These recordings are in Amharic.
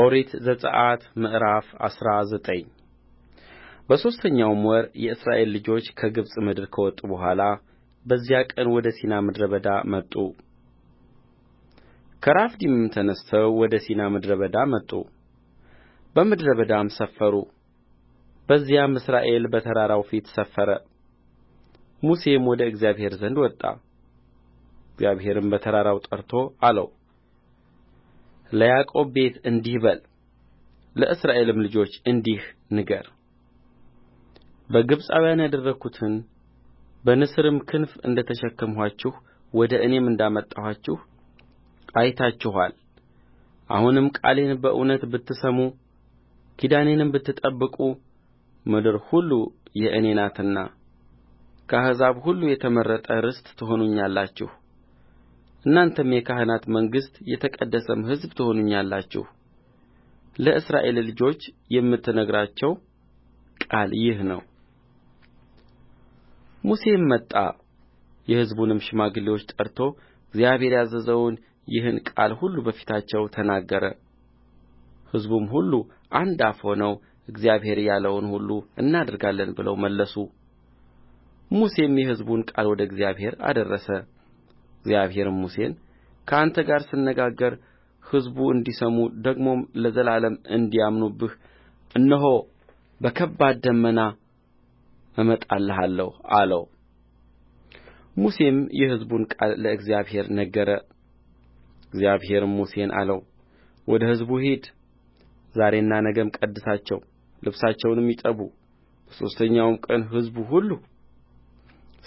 ኦሪት ዘጽአት ምዕራፍ አስራ ዘጠኝ በሦስተኛውም ወር የእስራኤል ልጆች ከግብፅ ምድር ከወጡ በኋላ በዚያ ቀን ወደ ሲና ምድረ በዳ መጡ ከራፊድም ተነሥተው ወደ ሲና ምድረ በዳ መጡ በምድረ በዳም ሰፈሩ በዚያም እስራኤል በተራራው ፊት ሰፈረ ሙሴም ወደ እግዚአብሔር ዘንድ ወጣ እግዚአብሔርም በተራራው ጠርቶ አለው ለያዕቆብ ቤት እንዲህ በል ለእስራኤልም ልጆች እንዲህ ንገር በግብፃውያን ያደረግሁትን በንስርም ክንፍ እንደ ተሸከምኋችሁ ወደ እኔም እንዳመጣኋችሁ አይታችኋል አሁንም ቃሌን በእውነት ብትሰሙ ኪዳኔንም ብትጠብቁ ምድር ሁሉ የእኔ ናትና ከአሕዛብ ሁሉ የተመረጠ ርስት ትሆኑልኛላችሁ እናንተም የካህናት መንግሥት የተቀደሰም ሕዝብ ትሆኑልኛላችሁ ለእስራኤል ልጆች የምትነግራቸው ቃል ይህ ነው ሙሴም መጣ የሕዝቡንም ሽማግሌዎች ጠርቶ እግዚአብሔር ያዘዘውን ይህን ቃል ሁሉ በፊታቸው ተናገረ ሕዝቡም ሁሉ አንድ አፍ ሆነው እግዚአብሔር ያለውን ሁሉ እናደርጋለን ብለው መለሱ ሙሴም የሕዝቡን ቃል ወደ እግዚአብሔር አደረሰ እግዚአብሔርም ሙሴን ከአንተ ጋር ስነጋገር ሕዝቡ እንዲሰሙ ደግሞም ለዘላለም እንዲያምኑብህ እነሆ በከባድ ደመና እመጣልሃለሁ አለው ሙሴም የሕዝቡን ቃል ለእግዚአብሔር ነገረ እግዚአብሔርም ሙሴን አለው ወደ ሕዝቡ ሂድ ዛሬና ነገም ቀድሳቸው ልብሳቸውንም ይጠቡ በሦስተኛውም ቀን ሕዝቡ ሁሉ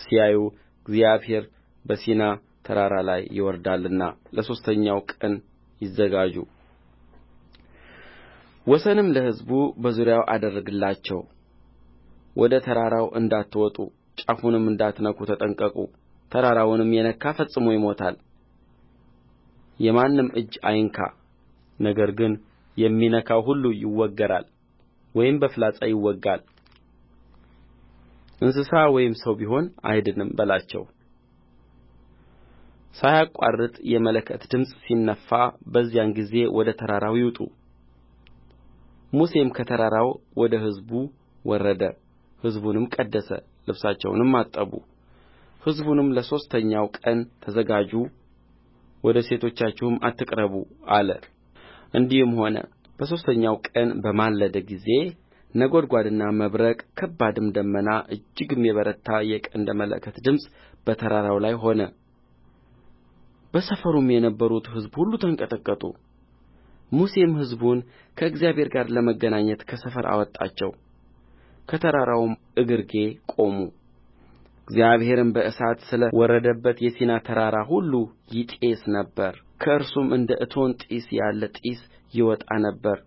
ሲያዩ እግዚአብሔር በሲና ተራራ ላይ ይወርዳልና ለሦስተኛው ቀን ይዘጋጁ ወሰንም ለሕዝቡ በዙሪያው አድርግላቸው ወደ ተራራው እንዳትወጡ ጫፉንም እንዳትነኩ ተጠንቀቁ ተራራውንም የነካ ፈጽሞ ይሞታል የማንም እጅ አይንካ ነገር ግን የሚነካው ሁሉ ይወገራል ወይም በፍላጻ ይወጋል እንስሳ ወይም ሰው ቢሆን አይድንም በላቸው ሳያቋርጥ የመለከት ድምፅ ሲነፋ በዚያን ጊዜ ወደ ተራራው ይውጡ ሙሴም ከተራራው ወደ ሕዝቡ ወረደ ሕዝቡንም ቀደሰ ልብሳቸውንም አጠቡ ሕዝቡንም ለሦስተኛው ቀን ተዘጋጁ ወደ ሴቶቻችሁም አትቅረቡ አለ እንዲህም ሆነ በሦስተኛው ቀን በማለደ ጊዜ ነጐድጓድና መብረቅ ከባድም ደመና እጅግም የበረታ የቀንደ መለከት ድምፅ በተራራው ላይ ሆነ በሰፈሩም የነበሩት ሕዝብ ሁሉ ተንቀጠቀጡ ሙሴም ሕዝቡን ከእግዚአብሔር ጋር ለመገናኘት ከሰፈር አወጣቸው ከተራራውም እግርጌ ቆሙ እግዚአብሔርም በእሳት ስለ ወረደበት የሲና ተራራ ሁሉ ይጤስ ነበር ከእርሱም እንደ እቶን ጢስ ያለ ጢስ ይወጣ ነበር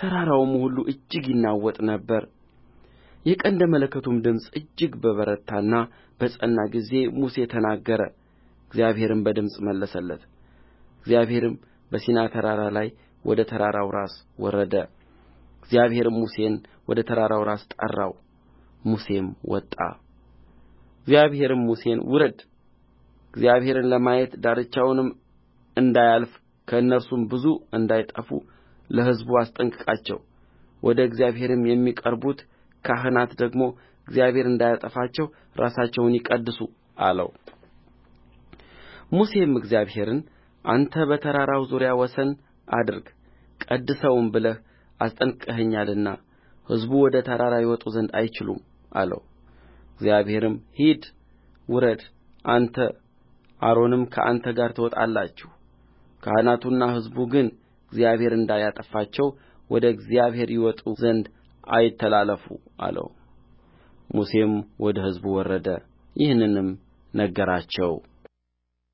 ተራራውም ሁሉ እጅግ ይናወጥ ነበር የቀንደ መለከቱም ድምፅ እጅግ በበረታና በጸና ጊዜ ሙሴ ተናገረ እግዚአብሔርም በድምፅ መለሰለት እግዚአብሔርም በሲና ተራራ ላይ ወደ ተራራው ራስ ወረደ እግዚአብሔርም ሙሴን ወደ ተራራው ራስ ጠራው ሙሴም ወጣ እግዚአብሔርም ሙሴን ውረድ እግዚአብሔርን ለማየት ዳርቻውንም እንዳያልፍ ከእነርሱም ብዙ እንዳይጠፉ ለሕዝቡ አስጠንቅቃቸው ወደ እግዚአብሔርም የሚቀርቡት ካህናት ደግሞ እግዚአብሔር እንዳያጠፋቸው ራሳቸውን ይቀድሱ አለው ሙሴም እግዚአብሔርን አንተ በተራራው ዙሪያ ወሰን አድርግ ቀድሰውም ብለህ አስጠንቅቀኸኛልና ሕዝቡ ወደ ተራራ ይወጡ ዘንድ አይችሉም አለው እግዚአብሔርም ሂድ ውረድ አንተ አሮንም ከአንተ ጋር ትወጣላችሁ ካህናቱና ሕዝቡ ግን እግዚአብሔር እንዳያጠፋቸው ወደ እግዚአብሔር ይወጡ ዘንድ አይተላለፉ አለው ሙሴም ወደ ሕዝቡ ወረደ ይህንንም ነገራቸው